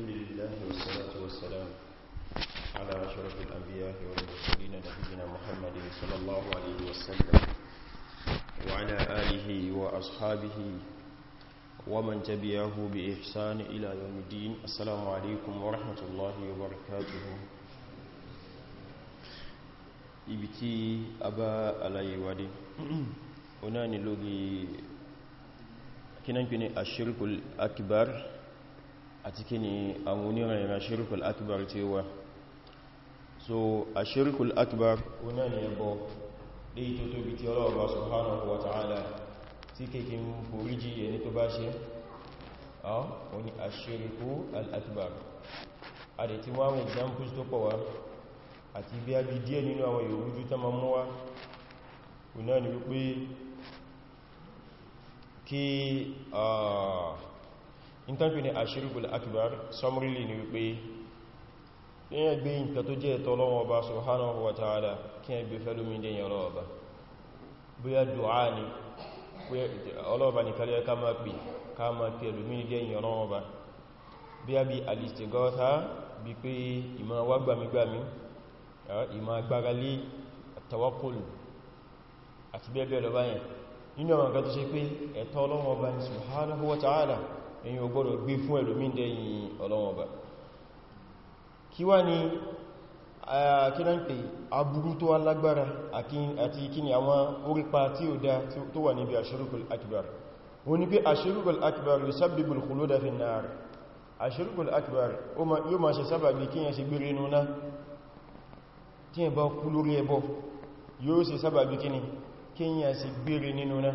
الحمد لله والصلاة والسلام على أشرف الأنبياء والمرسلين نبينا محمد صلى الله عليه وسلم وعلى آله وأصحابه ومن تبعه بإحسان إلى يوم الدين السلام عليكم ورحمة الله وبركاته ibiti aba alaye wade ona ni lori kinan kini ashirkul akbar àti kí ni àwọn onírànà shirkul akbar tí wà so a shirkul akbar oná ni ẹbọ léyìí tó tóbi tí ọlọ́ọ̀bá subhanahu wa ta'ala tí kéèkì ń forí jí ẹni tó bá ṣe wọ́n ni a shirkul akbar a dẹ̀ ti wáwọn examples tó pọ̀ kí ìtànkù ní ashirikul akbar samurilli ni wípé kíyàn gbé nǹkan tó jẹ́ ẹ̀tọ́ lọ́wọ́ ọba subhanahu wa ta'ala kíyàn gbé fẹ́lómi dẹ̀yàn ọlọ́ọ̀bá bóyá dùá ni ọlọ́ọ̀bá ní kàrí ẹka máa pè ká máa pè ẹlòmí dẹ̀yàn ọlọ́ọ̀bá bí a bí al èyí ò gbọ́dọ̀ fún ẹlòmíndẹ̀ yìí ọlọ́wọ̀n kí wá ní kínáǹpé aburú tó alágbára àti kí ni àwọn orípa tí ó dá tó wà níbi ashirukul akbar ó ní pé ashirukul akbar yusabbibul khuluda ashirukul akbar yóò ma ṣe sábàbí kí yẹn ṣe gbére núná tí yẹn bá kú lórí ẹbọ yóò ṣe kí ni kí yẹn gbére nínú náà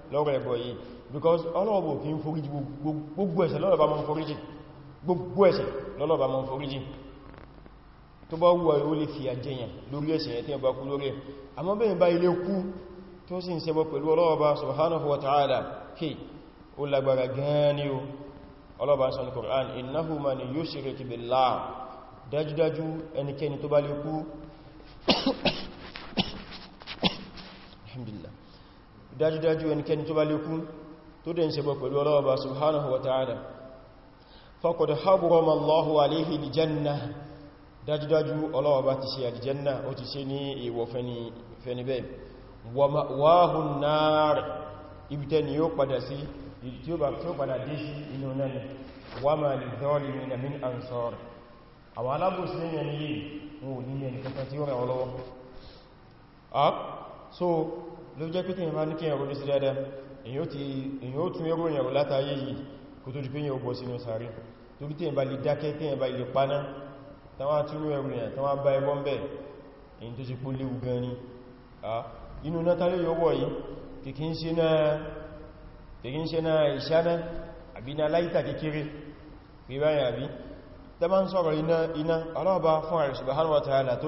lọ́rọ̀ ẹbọ yìí because ọlọ́ọ̀bọ̀ kí ń foríjì gbogbo ẹ̀ṣẹ̀ lọ́lọ́bà mọ́ foríjì gbogbo ẹ̀ṣẹ̀ lọ́lọ́bà mọ́ foríjì tó bá wù ó lè fi àjẹyàn lórí ẹ̀ṣẹ̀ yẹn tí ẹbá kú lórí àmọ́ bẹ́yìn bá ilé kú tó sì ń ṣẹbọ pẹ̀lú ọlọ́ọ̀bà subhanahu wa ta'ala kí ó lágbára gan ni o ọlọ́ọ̀bà sọ ní Qur'an innahu man yushrik billah dájúdájú ẹnikẹ́ni tó bá lè kú alhamdulillah dájúdájú ẹnikẹni tó bá lékún tó dẹ̀ ń ṣe bọ̀ pẹ̀lú ọlọ́ọ̀bá subhanahu wa ta'ala faqad harrama Allahu alayhi al-janna dájúdájú ọlọ́ọ̀bá ti ṣe al-janna ó ti ṣe ní ìwọ̀ fẹ́nibẹ̀ wa ma'wahu an-nar ibitẹ́ ni ló jẹ́ pé tíyàn bá ní kí ẹ̀rọ ní sí dáadáa èyàn ó tún ẹrù ìyàwó látàáyé yìí kò tó di pé yẹn ó sínú sàárì tó bí tíyàn bá lè dákẹ́ tíyàn bá lè paná tánwà túrú ẹrù ìyàn tánwà bá ẹbọ́n bẹ̀ ni inú náà tálé yọwọ́ yìí kìkí ń ṣe náà ìṣáná àbí na láìta kékeré pé báyìí àbí tẹ́ bá ń sọ̀rọ̀ iná iná ọlọ́ọ̀bá fún àrẹ̀sùbáhánwà tààlà tó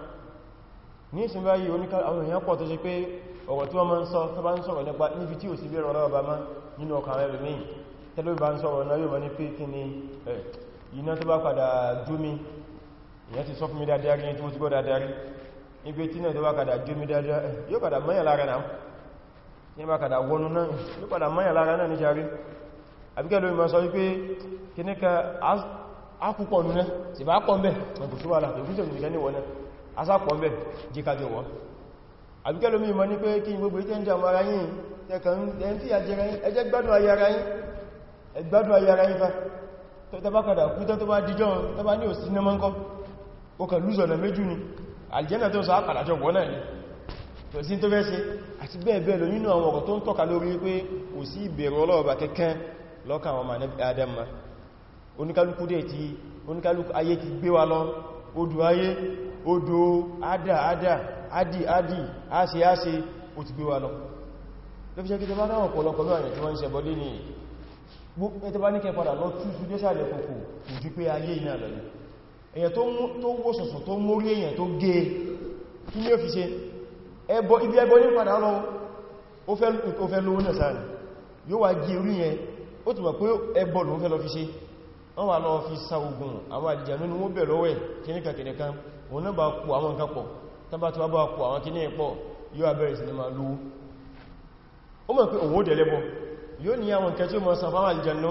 ní ìsìn báyìí oníkà àwọn èèyàn pọ̀ tó ṣe pé ọ̀rọ̀ tí wọ́n máa ń sọ tó bá ń sọ̀rọ̀ nípa níbi tí ò sí bẹ̀rẹ̀ ọ̀rọ̀ ọba má nínú ọkàn rẹ̀ lómi tẹ́lú bá ń sọ̀rọ̀ náà yóò ní pé kí ni iná tó bá padà jómi ìyẹn ti sọ fún mi dáadáa ní tí mo ti gbọ́ dáadáa rí ibi tí náà tó bá padà jómi dáadáa yóò padà mọ́yàn lára náà ní bá padà wọnú náà yóò padà mọ́yàn lára náà ní jari àbíkẹ́ lómi máa sọ wípé kí ní ka ápùpọ̀ nú náà sì asápọ̀ mẹ́ jíkájọ wọ́n àbíkẹ́lò mi mọ̀ ní pé kí gbogbo ìtẹ́ ń jàmọ́ ara yìí ẹ̀kàn tí àjẹ́ra yìí ẹjẹ́ gbádùn ayé ara yìí ẹgbádùn ayé ara yìí fa tó tẹ́ bá padà kú tó bá díjọ́ tó bá ní òsì ní mọ́ńkọ́ ó kàn lúzọ̀ ọ̀nà méjì ni àlìjẹ́nà tó sọ àpàdàjọ wọ́n náà ni tó sí tó fẹ́ ṣe àti bẹ́ẹ̀ bẹ́ẹ̀ lọ nínú àwọn ọ̀rọ̀ tó ń tọ́ka lórí pé kò sí oníkálukú ayé ti gbé wa lọ odù ayé odò ada ada adi adi ase ase ó ti gbé wa lọ ló fi ṣe kí tẹ bá dáwọn ọ̀pọ̀lọpọ̀ lọ́rẹ̀ tí wọ́n ń ṣẹbọlé ní ẹ̀tẹ́ bá ní kẹ padà lọ tú sí dẹ́sàlẹ̀ kòkò kò jú pé ayé iná lọ ní èyàn tó wó sọ̀sọ̀ tó mórí èyàn tó gé e, kí ní ó fi ṣe ẹbọ ibi ẹbọ ní padà lọ ó fẹ́ lówó náà sáà yóò wá gé orí yẹn ó túnmọ̀ pé ẹbọ lòun fẹ́ lọ fi ṣe wọ́n wà lọ́wọ́ fi sa ogun àwọn àdìjànú ni wọ́n bẹ̀ lọ́wẹ́ kíníkà kìníkà wọn náà bá kò àwọn nǹkan pọ̀ tàbá tí wọ́n bá kò àwọn kíní pọ̀ yóò abẹ́rẹ̀ sí ni máa lówó ó mọ̀ pé òun ó dẹ̀lẹ́bọ̀ yóò ní àwọn nǹkan tí ó mọ̀ sa àdìjànú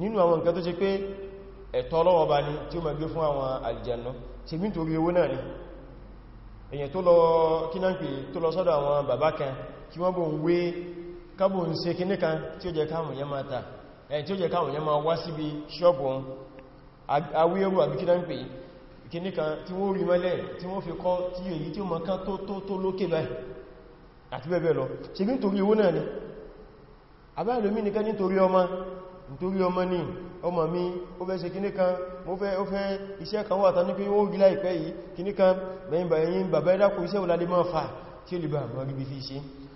nínú àwọn nǹkan ni èyàn tó lọ kí náà pè tó lọ sọ́dọ̀ àwọn bàbá kan kí wọ́n bò ń wé ẹni eh, tí ó jẹ káwọn yẹn máa wá síbi ṣọ́ọ̀bù wọn awéẹrù àbí kí náà ń pè kíní tí wọ́n rí mẹ́lẹ̀ tí wọ́n fi kọ́ tí èyí tí ó mọ̀ kán tó tó tó lókè báyìí àti bẹ́ẹ̀ bẹ́ẹ̀ lọ ṣe bí nítorí owó náà ni abáyàlómí mi kan mo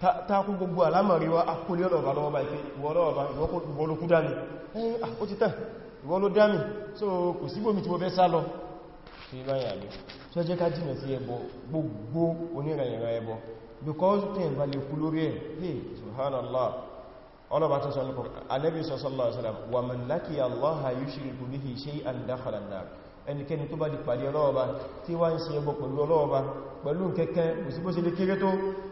tákú gbogbo alámàrí wá akúlé ọlọ́ọ̀bá lọ́wọ́ bá ike ìwọ́lọ́ọ̀bá ìwọ́lókú dámi ẹ̀yìn ó ti tàn ìwọ́ló dámi so kò síbòmí tí mo fẹ́ sá lọ fi báyà lọ tí ó jẹ́ ká jìnà sí ẹbọ gbogbo onírànyàrá ẹbọ because ten bá lè kú lórí ẹ̀ hey subhanallah ọlọ́bá tó sọ́lọ́pọ̀ alẹ́bí sallallahu alaihi wasallam wa man laqiya Allaha yushriku bihi shay'an dakhala an-nar ẹnikẹ́ni tó bá di pàdé ọlọ́ọ̀bá tí wá ń ṣe ẹbọ pẹ̀lú ọlọ́ọ̀bá pẹ̀lú kẹ́kẹ́ òsìbóṣe lè kéré tó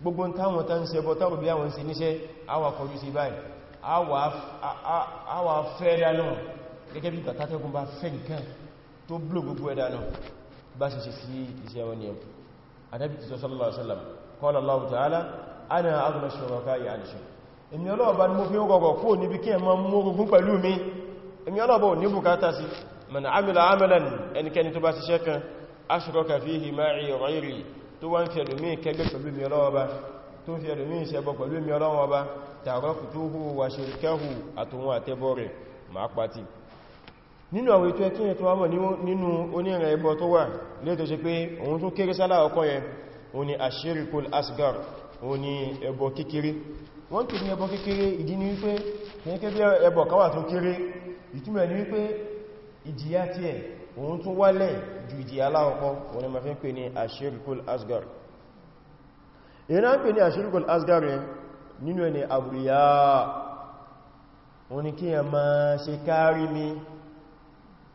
gbogbo táwọn tán ṣe bọ́ tọ́rù bí àwọn sí níṣẹ́ àwà kọjú sí báyìí àwà fẹ́ dánà gẹ́gẹ́ bí bàtàtẹ́gùn bá fẹ́ nǹkan tó blò gbogbo ẹ̀ dánà bá ṣe ṣe sí iṣẹ́ wọn yẹn Ànábì ti ta'ala ana aghna shuraka'i an shirk èmi Ọlọ́run bá ní mo fi ń gọ̀gọ̀ kó níbi kí man amila amalan ẹnikẹni tó bá ṣiṣẹ́ kan fihi ma'i tó wá ń fi ẹlòmí kẹgbẹ́ pẹ̀lú mi ọlọ́wọ́ bá tó fi ẹlòmí ìṣẹ́bọ pẹ̀lú mi ọlọ́wọ́ bá tààrọ́kùtúhù wà ṣirkahu àtòhun àtẹbọ rẹ̀ máa pàtì nínú àwọn ètò ẹ̀tún ẹ̀tún àmọ̀ nínú onírẹ̀ ẹbọ tó wà léètò ṣe pé òun tó kéré sálà ọkọ̀ yẹn o ni ashirikul asgar òun tún wálẹ̀ ju ìdí aláwọ̀kọ́ wọn ni ma fi ń pè ní ashirikul asgar ìrìnà ń pè ní ashirikul asgar rẹ nínú ẹni àbúrìyà wọn ni kíyà ma ṣe kárí mi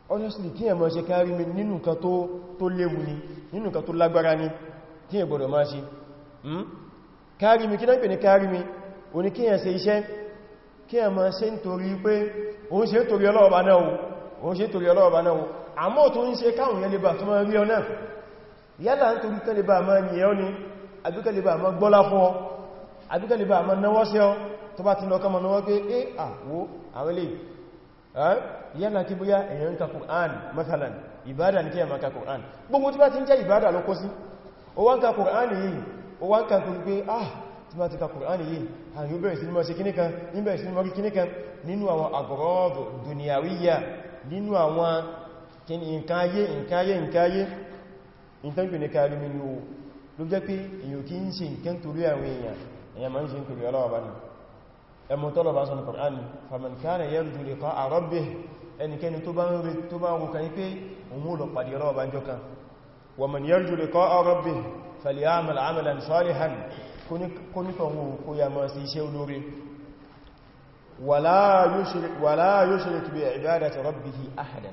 honestly kíyà ma ṣe kárí mi nínú nǹkan tó léwu ni nínú nǹkan tó lágbára ni kíyà gbọdọ̀ ma ṣe hmm? kárí mi kí náà pè ní kárí mi wọn ni kíyà ṣe iṣẹ́ kíyà ma ṣe nítorí pé òun ṣe nítorí ọlọ́ọ̀bá náà àmọ́ tó ń ṣe káwọn yẹn lébà tó máa rí ọ náà yálà ń torí kẹlébà máa yẹ ọ ni àbíkẹlébà máa gbọ́lá fún ọ àbíkẹlébà máa náwọ́ sí ọ tó bá ti lọ́kọ́ mọ̀nà wọ́n pé é àwọ́ àwẹ́lẹ̀ yálà kí bóyá tí bá ah tí bá ti ka Qur'an yìí àyíò bẹ̀rẹ̀ sí ní mọ́ sí kíníkan nínú àwọn àgọ́rọ́ọ̀dù dùnìyàwíyà nínú àwọn kí ni nǹkan ayé nǹkan ayé nǹkan ayé ìtànkù ní káàrí mi ló ló jẹ́ pé èyàn kí ń ṣe nǹkan torí àwọn èèyàn èyàn ma ni kaari lo je pe tọ́lọ̀bá sọ ní ni kurani faman kana yarju liqa'a rabbih ẹnikẹni tó bá ń rí tó bá ń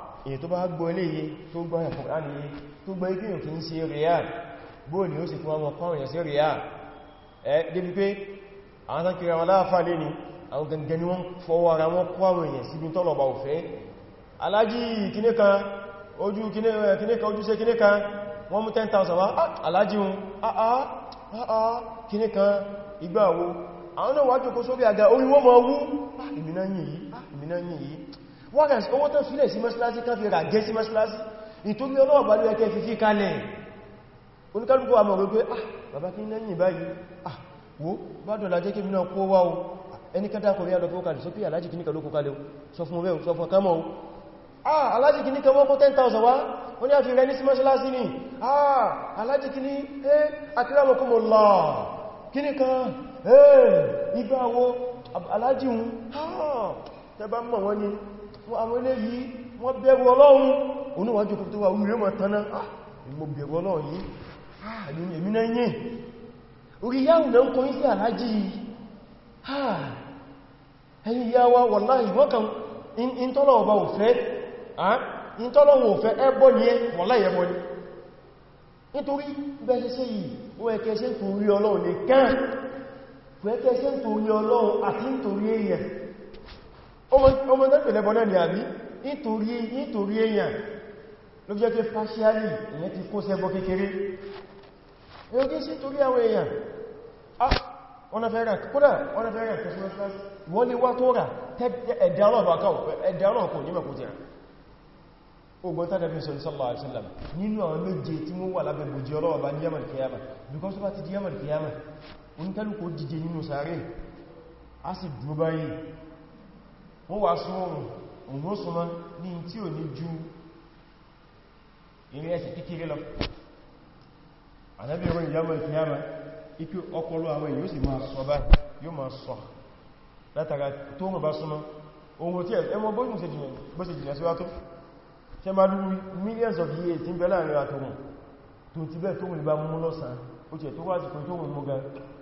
èyí tó bá gbọ́ eléyìí tó gbọ́ ẹ̀kùn ánìyí tó gbọ́ ikú ìkí ń ṣe ríà bóò ni ó sì fún ọmọ kọrìyàn sí ríà ẹ̀ débi pé àwọn tán kiri àwọn aláàfà lè ní àwọn gangan ni wọ́n fọwọ́ ara wọn kọrìyàn síbi tọ́lọ̀bà òfẹ́ alájí kìníkan ojú kìníkan ojú ṣe kìníkan wọ́n mú 10,000 wá ah, alájí hun àà ah, ah, kìníkan ìgbà wo àwọn náà warrants owó tán sílẹ̀ sí mọ́sílásí kan fi rà gẹ́ sí mọ́sílásí nítorí ọlọ́wọ̀ bá lóyẹ́ kẹ́ fi fi kalẹ̀ oníkálùkù àmọ̀ rẹ̀ pé ah bàbá kí lẹ́yìn báyìí ah wo bá dọ̀lá jẹ́ kí mìíràn kó wá o ẹni kẹta kọ̀rí àdọ̀ kó kalẹ̀ sọ pé alájì kìníkà ló kó kalẹ̀ sọ fún ọbẹ̀ sọ fún ọkámọ̀ ah alájì kìníkà wọ́n kó 10,000 wá wọ́n ní a fi rẹ̀ ní sí mọ́sílásí ni ah alájì kìní eh akírámọ̀kúnmọ̀lá kìníkà eh ìgbà wo alájì hun ah tẹbá mọ̀ wọ́n ni àwọn ilé yìí wọ́n bẹ̀rù ọlọ́run oníwájú kò tó wà orí mọ̀ tánná mo bẹ̀rù ọlọ́run yìí ààrùn ah, èmi náà yìn orí yáwù náà ń kọ ní sí aláàjí ah, ẹ̀yìn yáwà wọ̀láhì wọ́n kan ìntọ́lọ̀ ọba òfẹ́ ìntọ́lọ̀ ah, òfẹ́ ẹbọ́ ni ẹ wọ̀láhì ẹbọ́ ni nítorí bẹ́ẹ̀ ṣe yìí ó ẹkẹ́ ṣe ń torí ọlọ́run nìkan ọmọ tẹ́pẹ̀ lẹ́bọn náà ni àbí nítorí nítorí èèyàn ló jẹ́ pé fásíálì ìyẹn ti kó sẹ́bọ kékeré yóò kí sí torí àwọn èèyàn wọ́n fẹ́ràn kódà wọ́n fẹ́ràn kẹsìmọ́sílásì wọ́n lè wá tó rà ẹ̀dà ọlọ́run kò ní mẹ́kútí rà ogun tàbí ẹbí sọ sallallahu alaihi wasallam nínú àwọn méje tí wọ́n wà lábẹ́ gbòjì ọlọ́wọ́ bá ní yamal kiyama because bá ti di yamal kiyama oníkálùkù dìde nínú sàárè a sì dúró báyìí wọ́n wá súnmọ́rùn òun ó súnmọ́ ní tí ò ní ju irin ẹsẹ̀ kékeré lọ àdábìrin ìyàmọ̀ ìfìyàmọ̀ ipé ọpọlọ àwọn èyí ó sì máa sọ bá yóò máa sọ látara tó wọ́n bá súnmọ́ ohun tí ẹmọ bóyún bóṣe jìnà sí wá tó ṣe máa lúrú millions of years tí ń bẹ láàrin àtọ̀wọ̀n tó ti bẹ́ẹ̀ tó wùn bá mú lọ́sàn ó ti ẹ̀ tó wá sí pé tó wùn mú gan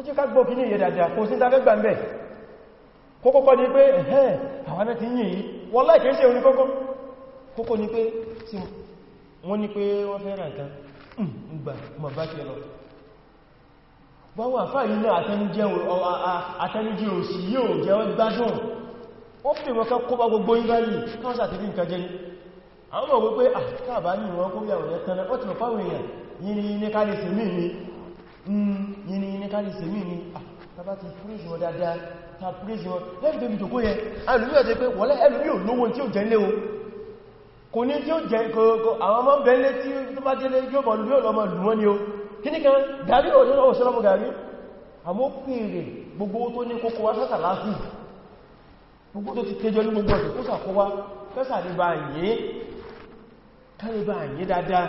ẹjọ́ ká gbọ́ kí ní ìyẹ̀dàdà kò sí tàbí gbàmbẹ̀ kókókọ́ ni pé ẹ̀hẹ́ àwọn ẹ̀mẹ́ ti yìí wọ́n láìkẹ́ sí orí kókó kókó ni pé tí wọ́n ni pé wọ́n fẹ́ ra nǹkan ǹgbà mọ̀ bá ti lọ báwọn àfáà yìí náà àtẹnujẹ òsì yóò jẹ́ gbádùn gbogbo àwọn ọmọ wípé ah, ní ìwọ̀n yìnyìn yìnyìn ká lè ṣe mí ní àtàbá ah, ti praise wọn dáadáa ta praise wọn lẹ́yìn tó bí jòkó yẹ ẹlùmí ọ̀tẹ́ pé wọ́lẹ́ ẹlùmí ò lówó tí ó jẹ ilé o kò ní tí ó jẹ àwọn ọmọ bẹ̀ẹ́lẹ́ tí ó bá délé yóò mọ̀ lùmí ọlọ́mọ lùmọ́ ni o kí ní kan gàrí òṣèlọ́mọ gàrí àmọ́ pèrè gbogbo tó ní kókó wá sátà láàfí gbogbo tó ti kéjọ ní gbogbo ọ̀sẹ̀ kó sàkówá kẹsà lè bá yìí dáadáa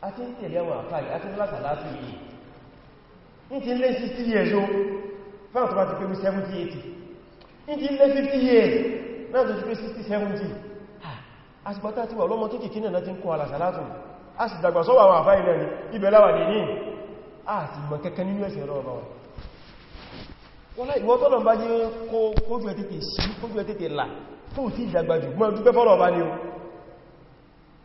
a ti ń tẹ̀lé àwọn àfáì a ti ń láta láti yìí ní ti lé 60 years o fáwọn tó bá ti pé 70-80 ní ti lé 50 years náà tó ti pé 60-70 àsìgbàtà ti wà lọ́mọ kéèkì náà ti ń kọ́ alàṣà látù a sì dàgbà sọ́wọ́ àwọn àfáì náà ni ibẹ̀ láwà ní ní àti mọ̀ kẹ́kẹ́ nínú ẹ̀sẹ̀ rọ̀ bá wọn ìwọ́n tọ́lọ̀ bá jẹ́ kójú ẹ̀ tètè sí kójú ẹ̀ tètè là fún ti ìdàgbàjù mọ́ dúpẹ́ fọ́lọ̀ bá ní o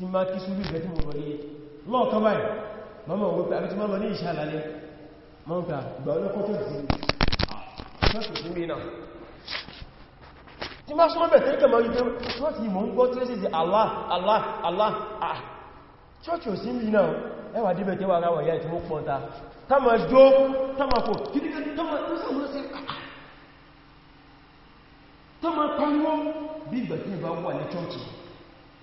tí máa kí súrú ìgbẹ́ tí mo lọ yé lọ́ọ̀kan báyìí mọ́mọ̀ òwe pé àbíkí mọ́lọ ní ìṣàlálẹ́ mọ́ǹkà ìgbà olókó tó dìí ṣọ́ọ̀tì fún rí náà tí máa ṣọ́ọ̀bẹ̀ tẹ́ kẹmọ̀ yìí pé ṣọ́ọ̀tì mọ̀ ń gbọ́ tí ó sì Allah Allah Allah ah ṣọ́ọ̀tì ò sí rí náà ẹwà díbẹ̀ tẹ́wà ara wọ̀nyá ìtí mú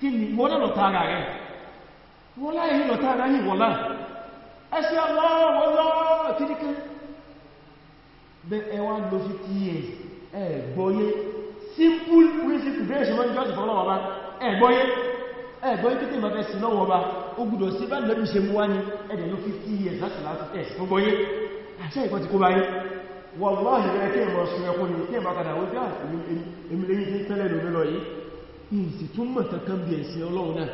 kí ni wọ́n lọ́nà tààrà rẹ̀ wọ́n láyé yìí lọ tààrà ní wọ́n láà ẹsẹ́ ọlọ́wọ́lọ́ kìdíkẹ́ bẹ ẹwà lọ fi tí ẹ ẹgbọ́yé simple principle bẹ́ẹ̀ ṣe wọ́n jọ́sì fọ́lọ́wọ́lá ẹgbọ́yé ẹgbọ́yé títí ìmọ̀fẹ́ sí lọ́wọ́ ọba ó gbùdọ̀ sí bá lẹ́bí ṣe mú wá ní ẹ̀dẹ̀ ló fi tí ẹ̀ láti láti ẹ̀ fọ́gbọ́yé àṣẹ ìkọ́ ti kó báyé wọ́n lọ́ọ̀lẹ́ kí ẹ̀mọ̀ sọ ẹkùn ní kí ẹ̀mọ̀ kadà wọ́n bí i èmi lẹ́yìn tí tẹ́lẹ̀ lórí lọ yìí ìsì tún mọ̀ kankan bí ẹ̀sìn ọlọ́run náà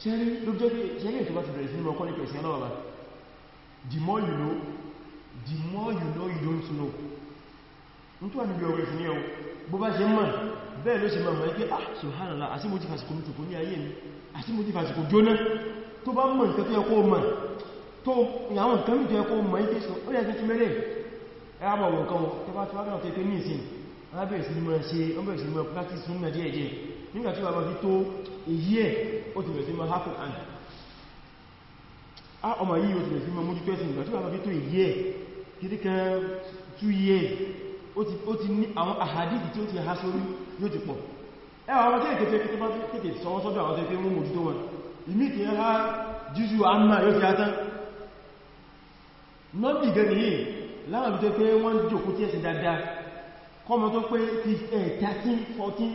ṣẹ́rí ló jẹ́ pé ṣẹ́rí ètò bá ti bẹ̀rẹ̀ sí mọ́ kọ́lẹ̀ pẹ̀sìn ọlọ́run bá the more you know the more you know you don't know n tó wà níbi ọ̀rọ̀ ìsìn yẹn bó bá ṣe mọ̀ bẹ́ẹ̀ ló ah mo ti jóná tó bá mọ̀ nǹkan tó ti nígbàtí wà lọ́dí tó èyí ẹ̀ ó ti bẹ̀rẹ̀ sí máa happen and a ọmọ yìí ó ti bẹ̀rẹ̀ sí máa mójú pẹ́sìn nígbàtí wà lọ́dí tó èyí ẹ̀ kìí kẹ́ 2 years ó ti ní àwọn àhàdìdì tí ó ti ha sórí yóò ti pọ̀ ẹwà àwọn tẹ́ ìkẹtẹ́ kí tó bá tẹ́kẹ̀ sọwọ́ sọ́dọ̀ àwọn tẹ́kẹ́ mú mójú tó wọn ìmí kìí ha jíjú àmà yóò ti ha tán nọ́bì gẹ́ nìyí láwọn ìjọ pé wọ́n jòkó tí ẹ̀sìn dáadáa kọ́mọ tó pé 13 14 eh,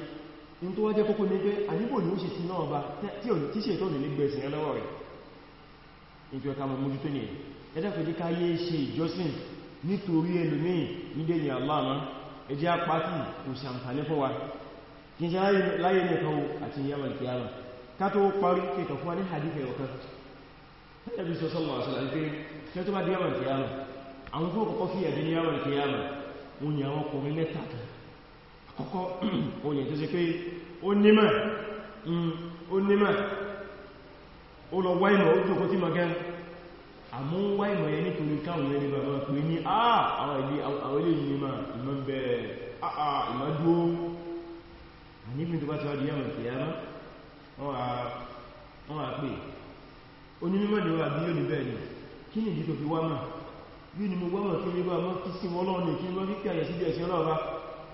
ní tó wá jẹ́ kókó ní pé àníbò ní ó ṣe sí náà bá tí ṣe tó nílé gbẹ̀sìn ẹlọ́wọ́ rẹ̀ nítorí ọ̀ká mọ̀ mójútó ní ẹjẹ́kùn jí ká yé ṣe ìjọsìn nítorí ẹlòmíì nídé ní aláàmá ẹjẹ́ apákì kò ṣàǹfàní fún wa kí ṣe láyé ní ẹ̀kọ́ àti ìyàmà ìkìyàmà ká tó parí kẹta fún wa ní hadífẹ́ ọ̀kan ẹbí sọ sọ́mọ̀ àṣọ àti pé kẹ́ àkọ́kọ́ olè tó ṣe pé ó nímọ̀ mm, ó nímọ̀ ó lọ wá ìmọ̀ ó jókòó tí mọ̀ gẹ́ àmú wá ìmọ̀ yẹn nítorí káwọn ẹni bàbá pè ní àwọn ilé ìmọ̀ ìmọ̀ bẹ̀rẹ̀ ìmọ̀ dúó níbi tó bá ti wá di yàmù ìfìyàmá wọ́n wà pé onímọ̀dé wà bí yóò ní ni kí ni ìdí tó fi wá mọ̀ yóò ní mo wá mọ̀ kí ní bá mọ́ kí sí wọ́n lọ́wọ́ kí ní wọ́n kíkẹ́ àyẹ̀sí bí ẹ̀sìn ọlọ́ọ̀bá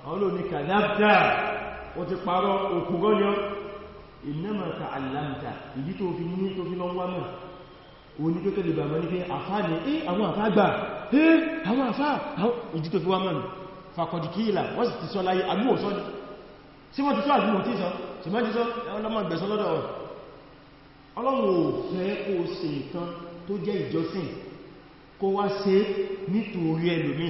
àwọn olóòní kàdáptà ó ti parọ́ òkúgọ́nyọ́ ìnáma ka alamta ìdí tó fi ní tó fi lọ wá mọ̀ òní tó tẹ́lẹ̀ bàbá ní pé àfá ní ẹ́ àwọn àfá gbà ẹ́ àwọn àfá ìdí tó fi wá mọ̀ fàkọ̀dìkíìlà wọ́n sì ti sọ láyé àgbò sọ́ sí wọ́n ti sọ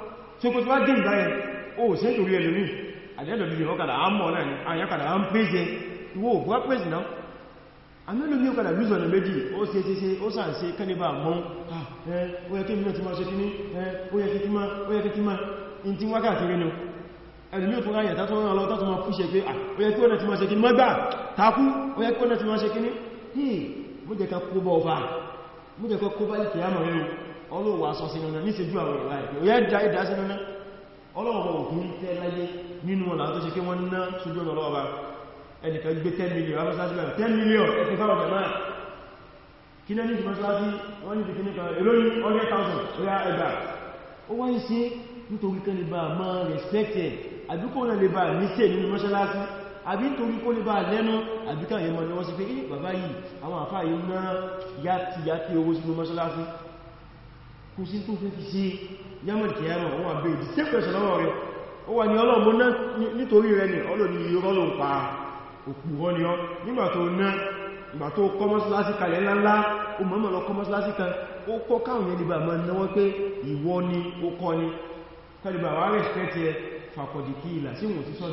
tí ó kò tí wá dé ìbáyẹn ó sí nítorí ẹlòmí àdẹ́lòmí ọkàdà àmọ́ náà ni àyàkàdà à ń pèsè ìwò ògbà pèsè náà àmẹ́lòmí ọkàdà lùzọ̀ ọ̀nà méjì ó sí ẹsẹ́ sí ó sà se kẹ́lẹ́bà mọ́ ó yẹ kí mọ́ ti máa ṣe kíní ó yẹ kí máa ó yẹ kí máa in ti wákàtí rẹ̀ náà ẹlùmí òkúra yẹ̀ta tó rán ọlọ́tọ́ tó máa fúṣẹ pé ó yẹ kí ó náà ti máa ṣe kíní mọ́gbà takú ó yẹ kí ó náà ti máa ṣe kíní hìí mú jẹ́ ká kó bọ́ ọba mú jẹ́ ká kó bá ìkìyàmọ̀ rẹ̀ ọlọ́run wà sọ sínú náà níṣẹ́jú àwọn ìwà ẹ̀kẹ́ ó yẹ́ dá ìdá sínú náà ọlọ́run wọ́n òkú ní tẹ́ láyé nínú ọ̀nà tó ṣe kí wọ́n ná sójú ọlọ́ọ̀bá ẹnìkan million amọ́sájú bẹ̀rẹ̀ 10 million ẹ̀kẹ́ fáwọn jẹ̀má kí náà ní ṣe mọ́sájú wọ́n ní ìpínlẹ̀ kan èrò ní 100,000 ó yá ẹgbà ó wá ń ṣe nítorí kan lè bá mọ́ respected àbí kó náà lè bá níṣẹ́ nínú mọ́ṣáláṣí àbí nítorí kó lè bá lẹ́nu àbí káyẹ̀ mọ́ ni wọ́n sì pé bàbá yìí àwọn àfáà yìí náà yá ti yá ti owó sínú mọ́ṣáláṣí kò sí tó fún fi sí yamani kìyàmà wọ́n wà bèèrè sí pẹ̀sọ̀ lọ́wọ́ rẹ̀ ó wà ní ọlọ́mọ náà nítorí rẹ̀ ní ọlọ́ni irọ́ ló ń pa òpùrọ́ ni ọ nígbà tó ná ìgbà tó kọ́ mọ́sálásí kalẹ̀ ńláńlá ó mọ́mọ́ lọ kọ́ mọ́sálásí kan ó kọ́ káwọn yẹn nígbà mọ́ náwọ́ pé ìwọ ni ó kọ́ ni kọ́lìbà wà rẹ̀ fẹ́tì ẹ fàkọ̀dì kí ìlà sí wọ́n ti sọ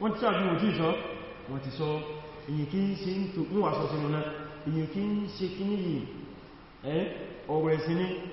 wọ́n ti sàbí wọ́n ti sọ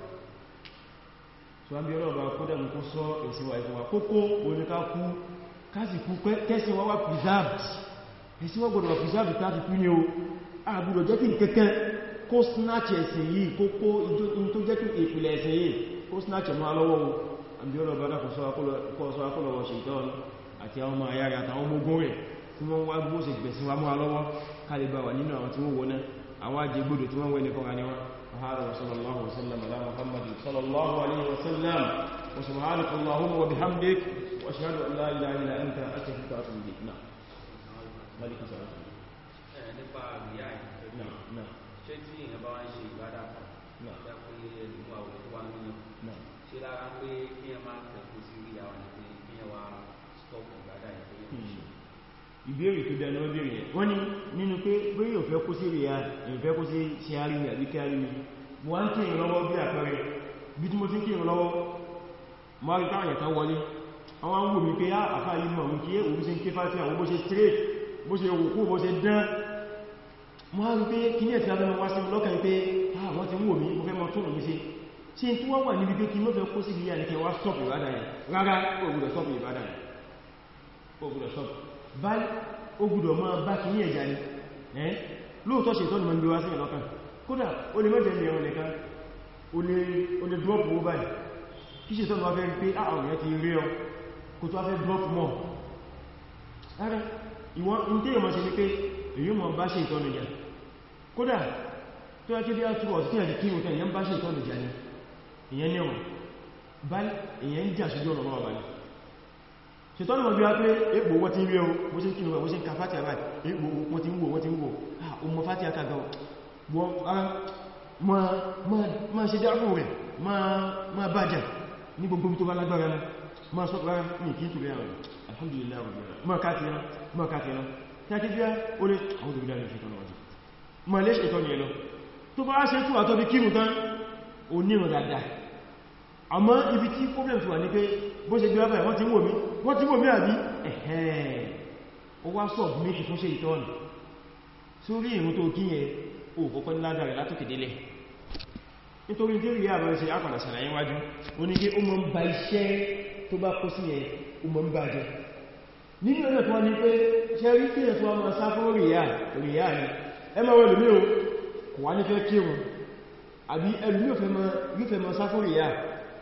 tó ń bí ọlọ́ọ̀bá kó dẹ̀nu kó sọ ẹ̀sìn wa ìfọwà kókó oníká kú káàsì kú kẹ́sìn wá wá preserved ẹ̀sìn wọ́n gbọ́dọ̀ preserved káàfi kú ní o àbúrò jẹ́ kí n kẹ́kẹ́ kó snatch ẹ̀sìn yìí kókó tó jẹ́ kí ìpìlẹ̀ ẹ̀sìn yìí kó snatch ẹ̀mọ́ alọ́wọ́ àbí ọlọ́ọ̀bá dákọ̀ sọ akọ́lọ̀wọ̀ ṣètọ́n àti àwọn ọmọ ayára àtàwọn ọmọ ogun wa wà nínú وهذا وصلى الله وسلم على محمد صلى الله عليه وسلم وسبحانك اللهم وبحمدك واشهد ان لا اله الا انت استغفرك واتوب اليك نعم مالك السلام nípa àríyá ìpẹ̀lú ṣé tí èèyàn bá wá ń ṣe ìbádà kan dákúnlé ẹ̀dùn àwọn tó wá ìbéèrè tó dẹnu ọbẹ̀rẹ̀ yẹn wọ́n ní nínú pé bóyí ò fẹ́ kó sí rí ẹ̀fẹ́ kó sí ṣe àrí ní àbíkẹ́ àrí ní mo wá ń kí ìrànlọ́wọ́ bí àpẹẹrẹ bí tí mo ti ń kí ìrànlọ́wọ́ ma rí káàyẹ̀ tán wọlé àwọn ń wò mí pé àfá yìí mọ̀ kí òun sí ń ké fáfí àwọn bó ṣe straight bó ṣe òkú bó ṣe dán mo wá rí pé kí ní ẹ̀sìn abẹ́mọ wá sí lọ́kàn pé àwọn ti ń wò mí mo fẹ́ mọ tó lòmí sí ṣe tí wọ́n wà níbi pé kí mọ́ fẹ́ kó sí ìyá ní kẹwàá stop ìbádà yẹn rárá ògùdọ̀ stop ìbádà yẹn ògùdọ̀ stop báyìí ó gùdọ̀ máa bá kí ní ẹ̀jà ni ẹ́ lóòtọ́ ṣe tọ́nù mọ́ndíwá sí ẹ̀lọ́kàn kódà ó lè mẹ́jẹ̀ ní ẹ̀rùn nìkan ó lè drop owó báyìí kí ṣe tọ́nù wá fẹ́ pé àwọn ah, èèyàn ti rí ọ kò tó wá fẹ́ drop mọ́ ara ìwọ̀n in tí èèyàn ṣe ní pé èyí mọ̀ bá ṣe ìtọ́nù jà kódà tó yá kí bí a túbọ̀ sí ẹ̀jẹ̀ kí ní ìyẹn bá ṣe ìtọ́nù jà ni ìyẹn ní ọ̀rọ̀ báyìí ìyẹn ń jà ṣojú ọ̀rọ̀ mọ́ ọ̀bá ni ṣe tọ́nà wọ́n bí wá pé egbò wọ́n ti rí ẹun bó ṣe kí ní wọ́n ṣe ń ka fàtíà báyìí egbò wọ́n ti ń wò wọ́n ti ń wò ọmọ fàtíà kàgà wọ́n ma ṣe dáàbò rẹ̀ ma bàjẹ́ ní gbogbo tó bá lágbára náà ma sọ rárá ní kí tùrẹ́ ma káàkiri ma káàkiri tí a kí fíà ó lè àwọn òdòdó ní ṣètọ́nà wọ́n ma lè ṣètọ́nà ẹ̀lọ tó bá ṣe tó àtọ́bí kírù tán ò ní àmọ́ ibi tí problem ti wà ní pé bó ṣe gbé wọ́n ti wò mí wọ́n ti wò mí àbí ẹ̀hẹ́n ó wá sọ méjì fún ṣe ìtọ́nù sórí ìrún tó kíyẹ ò kọ́kọ́ níládà rẹ̀ látòkè délẹ̀ nítorí tí rí àwọn ṣe àpàdà sàlàyé wájú ó ní pé ó mọ́ ń ba iṣẹ́ tó bá kó sí yẹn ó mọ́ ń ba jẹ nínú ọ̀nà tó wá ní pé ṣe rí kí ẹ̀ tó wá máa sá fún ríyà ríyà ni ẹ máa wọ́n lómi ò kò wá ní fẹ́ kírun àbí ẹlùmí ò fẹ́ máa sá fún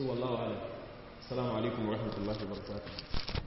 هو الله أعلم السلام عليكم ورحمة الله وبركاته